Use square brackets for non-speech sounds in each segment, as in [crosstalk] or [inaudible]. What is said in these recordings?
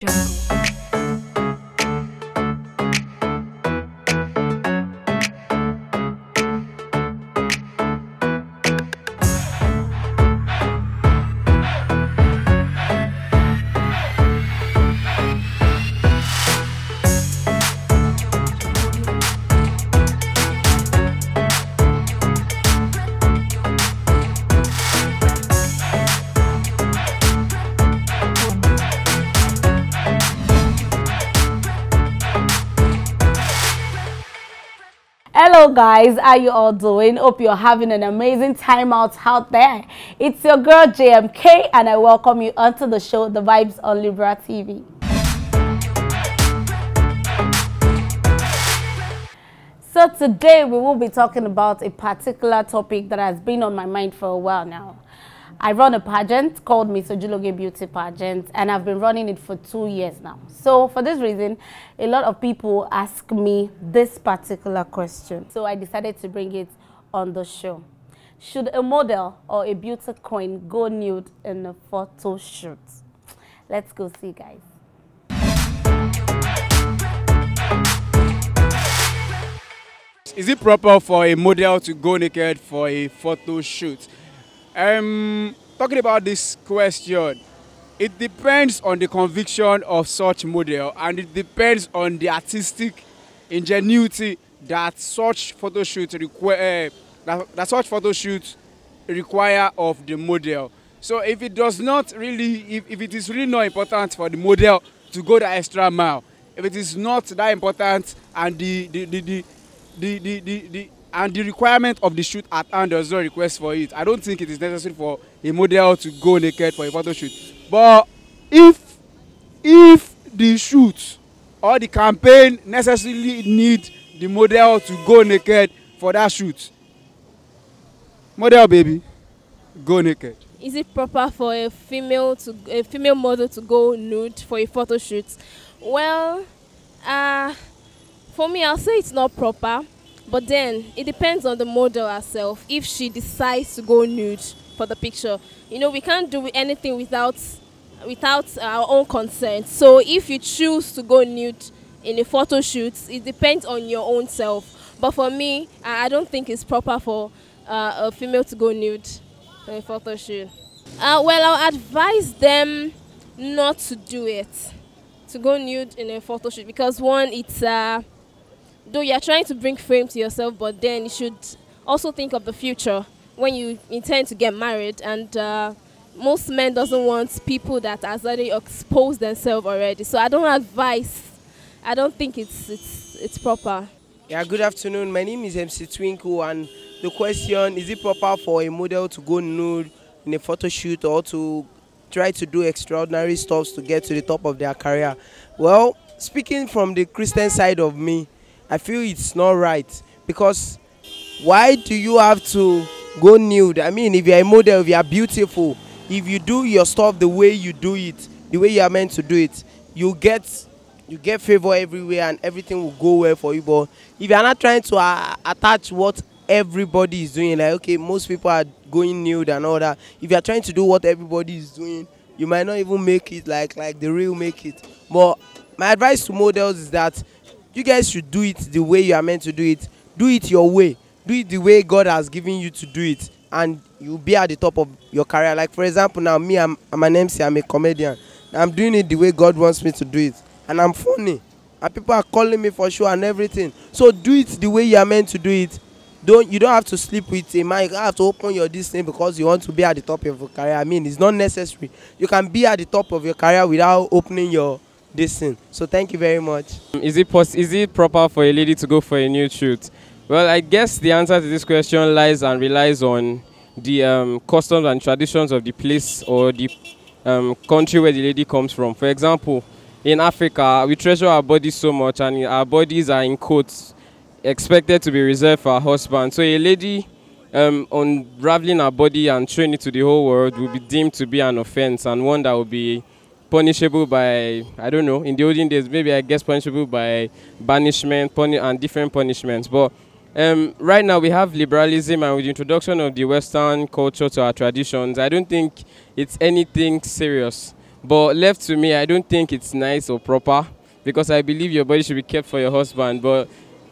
jungle. guys, how you all doing? Hope you're having an amazing time out out there. It's your girl JMK and I welcome you onto the show The Vibes on Libra TV. So today we will be talking about a particular topic that has been on my mind for a while now. I run a pageant called Miss Ojuloge Beauty Pageant, and I've been running it for two years now. So for this reason, a lot of people ask me this particular question. So I decided to bring it on the show. Should a model or a beauty queen go nude in a photo shoot? Let's go see, guys. Is it proper for a model to go naked for a photo shoot? Um, talking about this question, it depends on the conviction of such model and it depends on the artistic ingenuity that such photo shoot require uh, that, that such photo shoot require of the model. So if it does not really, if, if it is really not important for the model to go the extra mile, if it is not that important and the the the the the the, the, the and the requirement of the shoot at hand does not request for it i don't think it is necessary for a model to go naked for a photo shoot but if if the shoot or the campaign necessarily need the model to go naked for that shoot model baby go naked. is it proper for a female to a female model to go nude for a photo shoot well uh, for me i'll say it's not proper But then it depends on the model herself if she decides to go nude for the picture. You know, we can't do anything without without our own consent. So if you choose to go nude in a photo shoot, it depends on your own self. But for me, I don't think it's proper for uh, a female to go nude in a photo shoot. Uh, well, I'll advise them not to do it, to go nude in a photo shoot because one, it's uh, though you're trying to bring fame to yourself, but then you should also think of the future when you intend to get married. And uh, most men doesn't want people that has already exposed themselves already. So I don't advise. I don't think it's it's it's proper. Yeah. Good afternoon. My name is MC Twinkle, and the question is: It proper for a model to go nude in a photo shoot or to try to do extraordinary stuff to get to the top of their career? Well, speaking from the Christian side of me, I feel it's not right because why do you have to go nude? I mean, if you're a model, if you're beautiful, if you do your stuff the way you do it, the way you are meant to do it, you get you get favor everywhere and everything will go well for you. But if you're not trying to uh, attach what everybody is doing, like okay, most people are going nude and all that. If you're trying to do what everybody is doing, you might not even make it like like the real make it. But my advice to models is that you guys should do it the way you are meant to do it do it your way do it the way god has given you to do it and you'll be at the top of your career like for example now me i'm i'm an mc i'm a comedian i'm doing it the way god wants me to do it and i'm funny and people are calling me for sure and everything so do it the way you are meant to do it don't you don't have to sleep with a man you don't have to open your this thing because you want to be at the top of your career i mean it's not necessary you can be at the top of your career without opening your this thing. So thank you very much. Um, is it pos- is it proper for a lady to go for a nude shoot? Well, I guess the answer to this question lies and relies on the um, customs and traditions of the place or the um, country where the lady comes from. For example, in Africa, we treasure our bodies so much, and our bodies are in quotes expected to be reserved for a husband. So a lady um, unraveling her body and showing it to the whole world will be deemed to be an offense and one that will be punishable by, I don't know, in the olden days, maybe I guess punishable by banishment puni and different punishments. But um, right now we have liberalism and with the introduction of the Western culture to our traditions, I don't think it's anything serious. But left to me, I don't think it's nice or proper because I believe your body should be kept for your husband. But,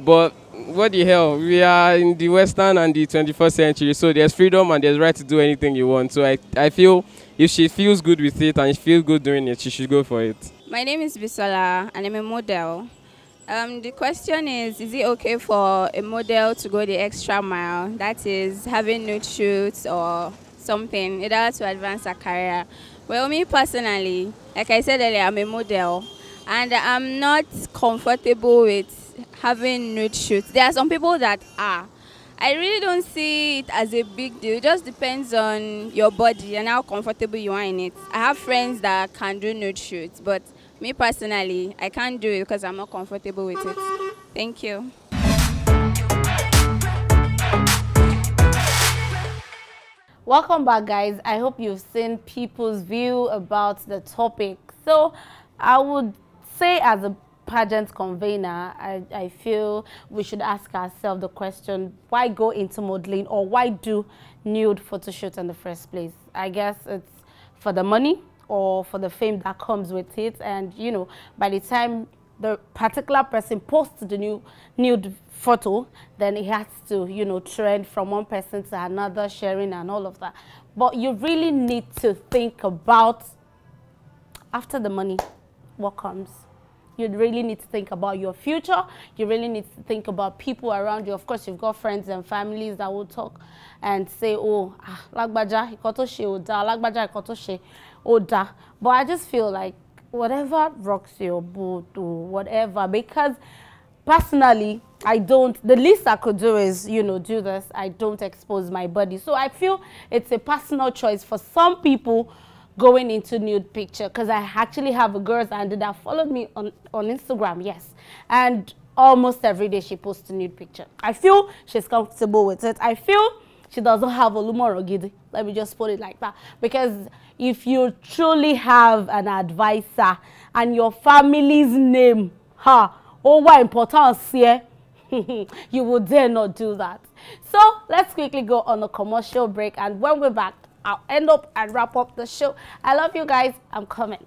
but what the hell? We are in the Western and the 21st century, so there's freedom and there's right to do anything you want. So I, I feel if she feels good with it and she feels good doing it, she should go for it. My name is Bisola and I'm a model. Um, the question is, is it okay for a model to go the extra mile? That is having nude shoots or something in order to advance her career. Well, me personally, like I said earlier, I'm a model and I'm not comfortable with having nude shoots. There are some people that are. I really don't see it as a big deal. It just depends on your body and how comfortable you are in it. I have friends that can do nude shoots, but me personally, I can't do it because I'm not comfortable with it. Thank you. Welcome back, guys. I hope you've seen people's view about the topic. So I would say as a pageant convener, I, I feel we should ask ourselves the question, why go into modeling or why do nude photo shoot in the first place? I guess it's for the money or for the fame that comes with it. And, you know, by the time the particular person posts the new nude photo, then it has to, you know, trend from one person to another, sharing and all of that. But you really need to think about after the money, what comes? you really need to think about your future. You really need to think about people around you. Of course, you've got friends and families that will talk and say, oh, lagbaja, ah, lágbájá, nǹkan tó ṣe ò dáa, lágbájá, But I just feel like whatever rocks your boat or whatever, because personally, I don't, the least I could do is, you know, do this. I don't expose my body. So I feel it's a personal choice for some people going into nude picture because I actually have a girl's handle that followed me on, on Instagram, yes. And almost every day she posts a nude picture. I feel she's comfortable with it. I feel she doesn't have a lumoro gidi. Let me just put it like that. Because if you truly have an advisor and your family's name, ha, oh, what importance here, [laughs] you would dare not do that. So let's quickly go on a commercial break and when we're back, I'll end up and wrap up the show. I love you guys. I'm coming.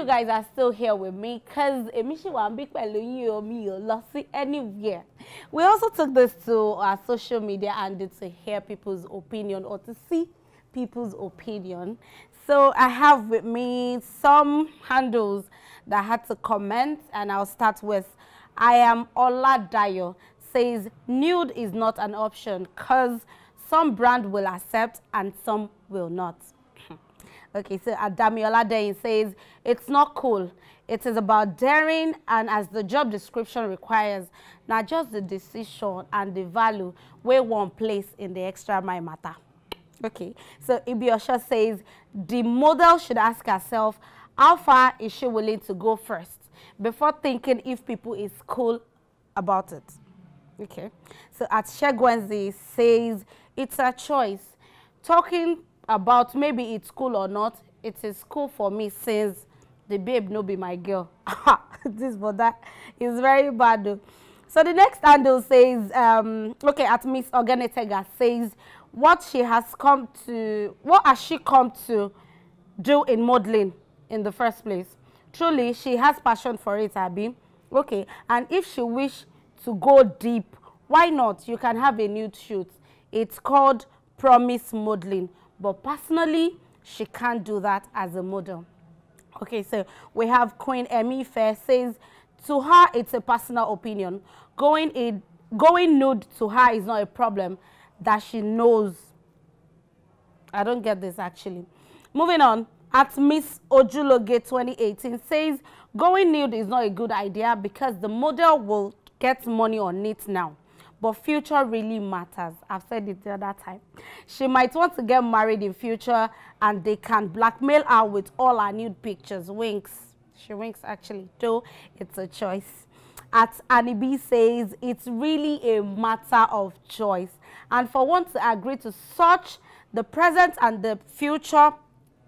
you guys are still here with me because Emishiwambi Pelunyomi Lossi anywhere. We also took this to our social media and to hear people's opinion or to see people's opinion. So I have with me some handles that had to comment and I'll start with I am Ola Dayo says nude is not an option because some brand will accept and some will not. [laughs] Okay, so Adamiola uh, Dain says, it's not cool. It is about daring and as the job description requires, not just the decision and the value where one place in the extra mile matter. Okay, so Ibiosha says, the model should ask herself, how far is she willing to go first before thinking if people is cool about it? Okay, so at Shegwenzi says, it's a choice. Talking about maybe it's cool or not it is cool for me since the babe no be my girl [laughs] this brother is very bad so the next handle says um okay at miss organetega says what she has come to what has she come to do in modeling in the first place truly she has passion for it abby okay and if she wish to go deep why not you can have a nude shoot it's called promise modeling but personally, she can't do that as a model. Okay, so we have Queen Emmy Fair says, to her, it's a personal opinion. Going, in, going nude to her is not a problem that she knows. I don't get this, actually. Moving on, at Miss Ojuloge 2018 says, going nude is not a good idea because the model will get money on it now but future really matters. I've said it the other time. She might want to get married in future and they can blackmail her with all her nude pictures. Winks. She winks actually, though it's a choice. At B says, it's really a matter of choice. And for one to agree to such, the present and the future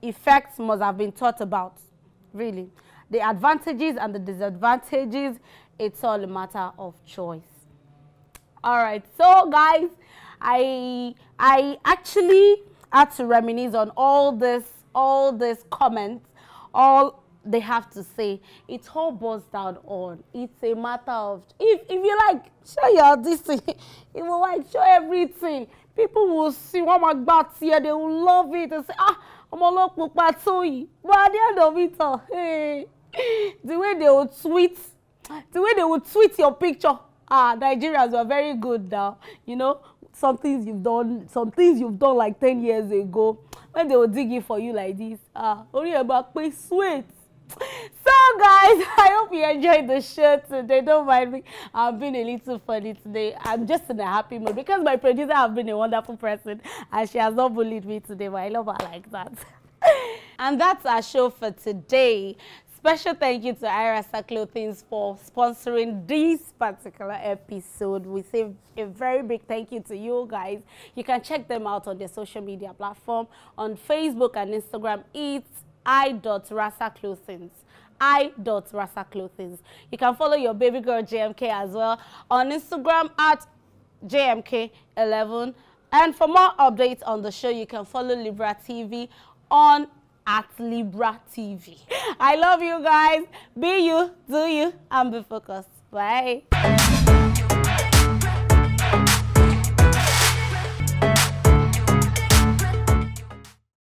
effects must have been thought about, really. The advantages and the disadvantages, it's all a matter of choice. all right so guys i i actually had to reminisce on all this all this comments all they have to say it all boils down on it's a matter of if if you like show your this [laughs] thing you will like show everything people will see wọn my gbà tiẹ they will love it and say ah ọmọ ọlọpàá pàtó yìí but at the end of it all [laughs] hey, the way they will tweet the way they will tweet your picture ah Nigerians were very good now you know some things you've done some things you've done like ten years ago when they were digging for you like this ah orí ẹ̀ máa pé sweet so guys [laughs] i hope you enjoyed the show today don't mind me I'm being a little funny today i'm just in a happy mood because my producer has been a wonderful person and she has not bullied me today but i love her like that [laughs] and that's our show for today Special thank you to Irasa Things for sponsoring this particular episode. We say a very big thank you to you guys. You can check them out on their social media platform. On Facebook and Instagram, it's i.rasa clothings rasa clothings. You can follow your baby girl JMK as well on Instagram at JMK11. And for more updates on the show, you can follow Libra TV on at Libra TV. I love you guys. Be you, do you, and be focused. Bye.